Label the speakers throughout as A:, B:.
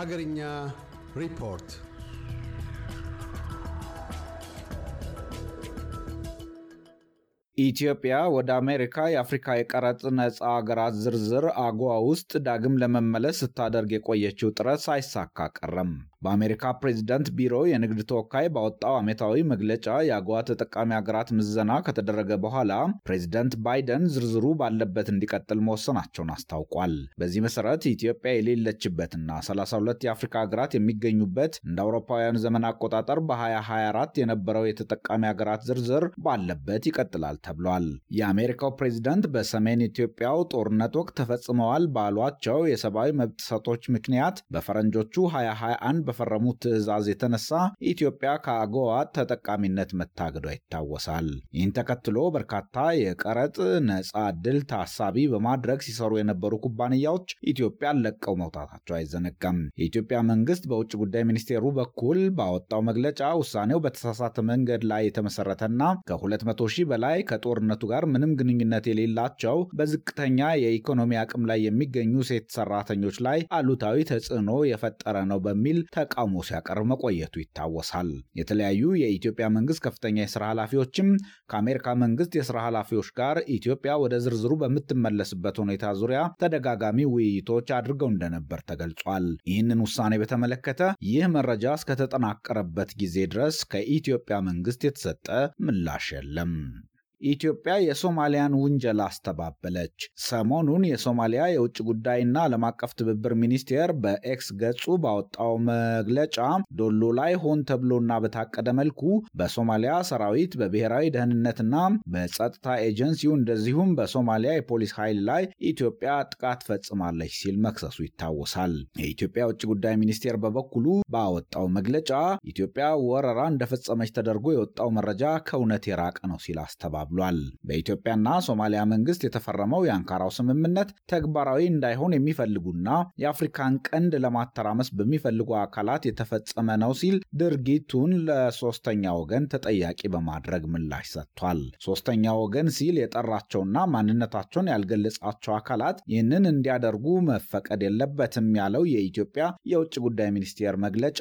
A: ሀገርኛ ሪፖርት ኢትዮጵያ ወደ አሜሪካ የአፍሪካ የቀረጥ ነፃ አገራት ዝርዝር አጓ ውስጥ ዳግም ለመመለስ ስታደርግ የቆየችው ጥረት ሳይሳካ ቀረም። በአሜሪካ ፕሬዚዳንት ቢሮ የንግድ ተወካይ ባወጣው ዓመታዊ መግለጫ የአጎዋ ተጠቃሚ ሀገራት ምዘና ከተደረገ በኋላ ፕሬዚደንት ባይደን ዝርዝሩ ባለበት እንዲቀጥል መወሰናቸውን አስታውቋል። በዚህ መሰረት ኢትዮጵያ የሌለችበትና 32 የአፍሪካ ሀገራት የሚገኙበት እንደ አውሮፓውያን ዘመን አቆጣጠር በ2024 የነበረው የተጠቃሚ ሀገራት ዝርዝር ባለበት ይቀጥላል ተብሏል። የአሜሪካው ፕሬዚደንት በሰሜን ኢትዮጵያው ጦርነት ወቅት ተፈጽመዋል ባሏቸው የሰብአዊ መብት ጥሰቶች ምክንያት በፈረንጆቹ 2021 በፈረሙት ትዕዛዝ የተነሳ ኢትዮጵያ ከአጎዋ ተጠቃሚነት መታገዷ ይታወሳል። ይህን ተከትሎ በርካታ የቀረጥ ነጻ ዕድል ታሳቢ በማድረግ ሲሰሩ የነበሩ ኩባንያዎች ኢትዮጵያን ለቀው መውጣታቸው አይዘነጋም። የኢትዮጵያ መንግስት በውጭ ጉዳይ ሚኒስቴሩ በኩል ባወጣው መግለጫ ውሳኔው በተሳሳተ መንገድ ላይ የተመሰረተና ከ200 ሺህ በላይ ከጦርነቱ ጋር ምንም ግንኙነት የሌላቸው በዝቅተኛ የኢኮኖሚ አቅም ላይ የሚገኙ ሴት ሰራተኞች ላይ አሉታዊ ተጽዕኖ የፈጠረ ነው በሚል ተቃውሞ ሲያቀርብ መቆየቱ ይታወሳል። የተለያዩ የኢትዮጵያ መንግስት ከፍተኛ የስራ ኃላፊዎችም ከአሜሪካ መንግስት የስራ ኃላፊዎች ጋር ኢትዮጵያ ወደ ዝርዝሩ በምትመለስበት ሁኔታ ዙሪያ ተደጋጋሚ ውይይቶች አድርገው እንደነበር ተገልጿል። ይህንን ውሳኔ በተመለከተ ይህ መረጃ እስከተጠናቀረበት ጊዜ ድረስ ከኢትዮጵያ መንግስት የተሰጠ ምላሽ የለም። ኢትዮጵያ የሶማሊያን ውንጀላ አስተባበለች። ሰሞኑን የሶማሊያ የውጭ ጉዳይና ዓለም አቀፍ ትብብር ሚኒስቴር በኤክስ ገጹ ባወጣው መግለጫ ዶሎ ላይ ሆን ተብሎና በታቀደ መልኩ በሶማሊያ ሰራዊት፣ በብሔራዊ ደህንነትና በጸጥታ ኤጀንሲው እንደዚሁም በሶማሊያ የፖሊስ ኃይል ላይ ኢትዮጵያ ጥቃት ፈጽማለች ሲል መክሰሱ ይታወሳል። የኢትዮጵያ የውጭ ጉዳይ ሚኒስቴር በበኩሉ ባወጣው መግለጫ ኢትዮጵያ ወረራ እንደፈጸመች ተደርጎ የወጣው መረጃ ከእውነት የራቀ ነው ሲል አስተባ ብሏል። በኢትዮጵያና ሶማሊያ መንግስት የተፈረመው የአንካራው ስምምነት ተግባራዊ እንዳይሆን የሚፈልጉና የአፍሪካን ቀንድ ለማተራመስ በሚፈልጉ አካላት የተፈጸመ ነው ሲል ድርጊቱን ለሶስተኛ ወገን ተጠያቂ በማድረግ ምላሽ ሰጥቷል። ሶስተኛ ወገን ሲል የጠራቸውና ማንነታቸውን ያልገለጻቸው አካላት ይህንን እንዲያደርጉ መፈቀድ የለበትም ያለው የኢትዮጵያ የውጭ ጉዳይ ሚኒስቴር መግለጫ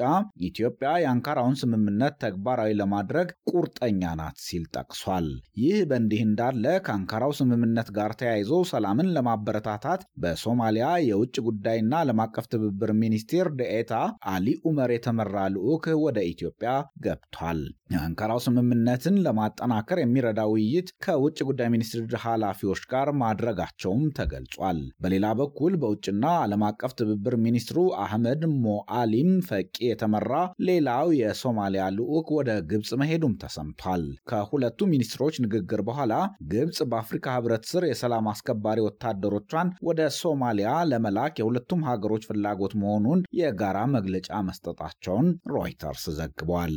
A: ኢትዮጵያ የአንካራውን ስምምነት ተግባራዊ ለማድረግ ቁርጠኛ ናት ሲል ጠቅሷል። ይህ ይህ በእንዲህ እንዳለ ከአንካራው ስምምነት ጋር ተያይዞ ሰላምን ለማበረታታት በሶማሊያ የውጭ ጉዳይና ዓለም አቀፍ ትብብር ሚኒስቴር ደኤታ አሊ ኡመር የተመራ ልዑክ ወደ ኢትዮጵያ ገብቷል። የአንካራው ስምምነትን ለማጠናከር የሚረዳ ውይይት ከውጭ ጉዳይ ሚኒስትር ኃላፊዎች ጋር ማድረጋቸውም ተገልጿል። በሌላ በኩል በውጭና ዓለም አቀፍ ትብብር ሚኒስትሩ አህመድ ሞአሊም ፈቂ የተመራ ሌላው የሶማሊያ ልዑክ ወደ ግብፅ መሄዱም ተሰምቷል። ከሁለቱ ሚኒስትሮች ንግግር ንግግር በኋላ ግብፅ በአፍሪካ ህብረት ስር የሰላም አስከባሪ ወታደሮቿን ወደ ሶማሊያ ለመላክ የሁለቱም ሀገሮች ፍላጎት መሆኑን የጋራ መግለጫ መስጠታቸውን ሮይተርስ ዘግቧል።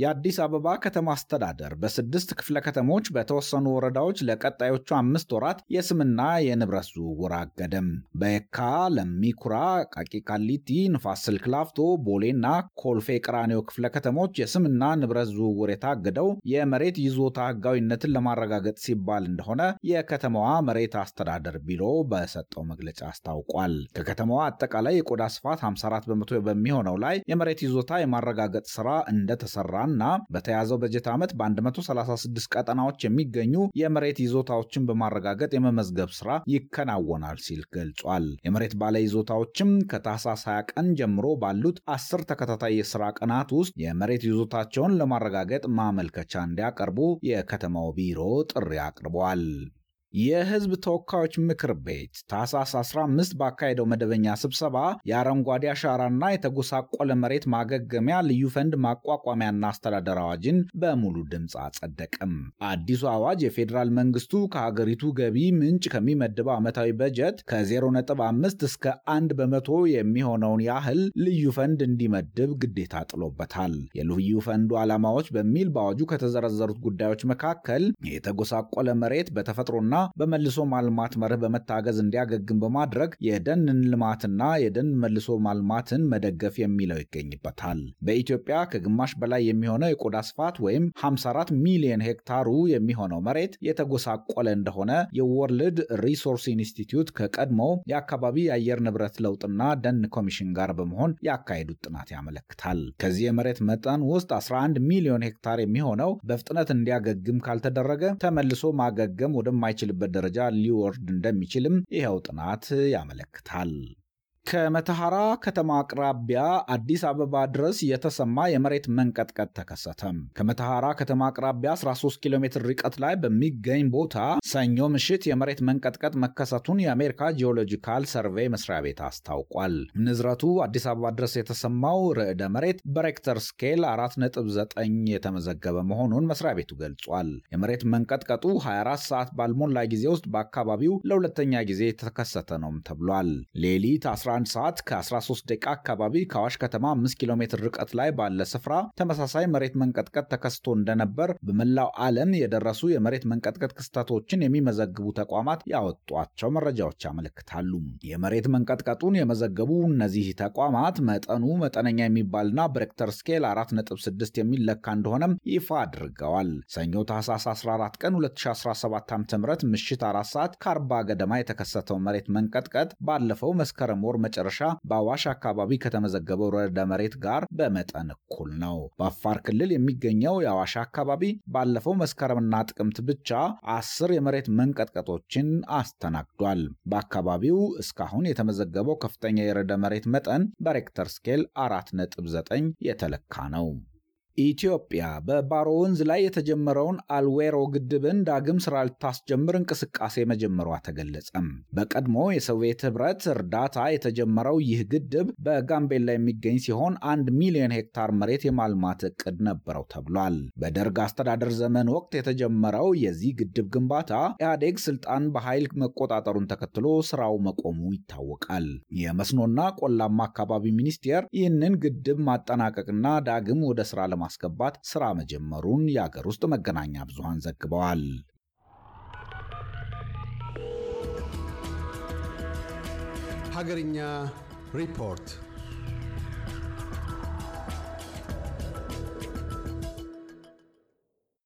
A: የአዲስ አበባ ከተማ አስተዳደር በስድስት ክፍለ ከተሞች በተወሰኑ ወረዳዎች ለቀጣዮቹ አምስት ወራት የስምና የንብረት ዝውውር አገደም። በየካ፣ ለሚኩራ፣ ቃቂ ቃሊቲ፣ ንፋስ ስልክ ላፍቶ፣ ቦሌና ኮልፌ ቅራኔው ክፍለ ከተሞች የስምና ንብረት ዝውውር የታገደው የመሬት ይዞታ ህጋዊነትን ለማረጋገጥ ሲባል እንደሆነ የከተማዋ መሬት አስተዳደር ቢሮ በሰጠው መግለጫ አስታውቋል። ከከተማዋ አጠቃላይ የቆዳ ስፋት 54 በመቶ በሚሆነው ላይ የመሬት ይዞታ የማረጋገጥ ስራ እንደተሰራ እና በተያዘው በጀት ዓመት በ136 ቀጠናዎች የሚገኙ የመሬት ይዞታዎችን በማረጋገጥ የመመዝገብ ስራ ይከናወናል ሲል ገልጿል። የመሬት ባለ ይዞታዎችም ከታህሳስ 20 ቀን ጀምሮ ባሉት አስር ተከታታይ የስራ ቀናት ውስጥ የመሬት ይዞታቸውን ለማረጋገጥ ማመልከቻ እንዲያቀርቡ የከተማው ቢሮ ጥሪ አቅርቧል። የህዝብ ተወካዮች ምክር ቤት ታህሳስ 15 ባካሄደው መደበኛ ስብሰባ የአረንጓዴ አሻራና የተጎሳቆለ መሬት ማገገሚያ ልዩ ፈንድ ማቋቋሚያና አስተዳደር አዋጅን በሙሉ ድምፅ አጸደቅም። አዲሱ አዋጅ የፌዴራል መንግስቱ ከሀገሪቱ ገቢ ምንጭ ከሚመድበው ዓመታዊ በጀት ከ0.5 እስከ 1 በመቶ የሚሆነውን ያህል ልዩ ፈንድ እንዲመድብ ግዴታ ጥሎበታል። የልዩ ፈንዱ ዓላማዎች በሚል በአዋጁ ከተዘረዘሩት ጉዳዮች መካከል የተጎሳቆለ መሬት በተፈጥሮና በመልሶ ማልማት መርህ በመታገዝ እንዲያገግም በማድረግ የደንን ልማትና የደን መልሶ ማልማትን መደገፍ የሚለው ይገኝበታል። በኢትዮጵያ ከግማሽ በላይ የሚሆነው የቆዳ ስፋት ወይም 54 ሚሊዮን ሄክታሩ የሚሆነው መሬት የተጎሳቆለ እንደሆነ የወርልድ ሪሶርስ ኢንስቲትዩት ከቀድሞው የአካባቢ የአየር ንብረት ለውጥና ደን ኮሚሽን ጋር በመሆን ያካሄዱት ጥናት ያመለክታል። ከዚህ የመሬት መጠን ውስጥ 11 ሚሊዮን ሄክታር የሚሆነው በፍጥነት እንዲያገግም ካልተደረገ ተመልሶ ማገገም ወደማይችል የሚችልበት ደረጃ ሊወርድ እንደሚችልም ይኸው ጥናት ያመለክታል። ከመተሐራ ከተማ አቅራቢያ አዲስ አበባ ድረስ የተሰማ የመሬት መንቀጥቀጥ ተከሰተም። ከመተሐራ ከተማ አቅራቢያ 13 ኪሎ ሜትር ርቀት ላይ በሚገኝ ቦታ ሰኞ ምሽት የመሬት መንቀጥቀጥ መከሰቱን የአሜሪካ ጂኦሎጂካል ሰርቬይ መስሪያ ቤት አስታውቋል። ንዝረቱ አዲስ አበባ ድረስ የተሰማው ርዕደ መሬት በሬክተር ስኬል 4.9 የተመዘገበ መሆኑን መስሪያ ቤቱ ገልጿል። የመሬት መንቀጥቀጡ 24 ሰዓት ባልሞላ ጊዜ ውስጥ በአካባቢው ለሁለተኛ ጊዜ የተከሰተ ነውም ተብሏል። ሌሊት 11 ሰዓት ከ13 ደቂቃ አካባቢ ከአዋሽ ከተማ 5 ኪሎ ሜትር ርቀት ላይ ባለ ስፍራ ተመሳሳይ መሬት መንቀጥቀጥ ተከስቶ እንደነበር በመላው ዓለም የደረሱ የመሬት መንቀጥቀጥ ክስተቶችን የሚመዘግቡ ተቋማት ያወጧቸው መረጃዎች ያመለክታሉ። የመሬት መንቀጥቀጡን የመዘገቡ እነዚህ ተቋማት መጠኑ መጠነኛ የሚባልና በሬክተር ስኬል 4.6 የሚለካ እንደሆነም ይፋ አድርገዋል። ሰኞ ታህሳስ 14 ቀን 2017 ዓ.ም ምሽት 4 ሰዓት ከ40 ገደማ የተከሰተው መሬት መንቀጥቀጥ ባለፈው መስከረም ወር መጨረሻ በአዋሽ አካባቢ ከተመዘገበው ርዕደ መሬት ጋር በመጠን እኩል ነው። በአፋር ክልል የሚገኘው የአዋሽ አካባቢ ባለፈው መስከረምና ጥቅምት ብቻ አስር የመሬት መንቀጥቀጦችን አስተናግዷል። በአካባቢው እስካሁን የተመዘገበው ከፍተኛ የርዕደ መሬት መጠን በሬክተር ስኬል 4.9 የተለካ ነው። ኢትዮጵያ በባሮ ወንዝ ላይ የተጀመረውን አልዌሮ ግድብን ዳግም ስራ ልታስጀምር እንቅስቃሴ መጀመሯ ተገለጸም። በቀድሞ የሶቪየት ህብረት እርዳታ የተጀመረው ይህ ግድብ በጋምቤላ የሚገኝ ሲሆን አንድ ሚሊዮን ሄክታር መሬት የማልማት እቅድ ነበረው ተብሏል። በደርግ አስተዳደር ዘመን ወቅት የተጀመረው የዚህ ግድብ ግንባታ ኢህአዴግ ስልጣን በኃይል መቆጣጠሩን ተከትሎ ስራው መቆሙ ይታወቃል። የመስኖና ቆላማ አካባቢ ሚኒስቴር ይህንን ግድብ ማጠናቀቅና ዳግም ወደ ስራ ለማ ለማስገባት ስራ መጀመሩን የአገር ውስጥ መገናኛ ብዙሃን ዘግበዋል። ሀገርኛ ሪፖርት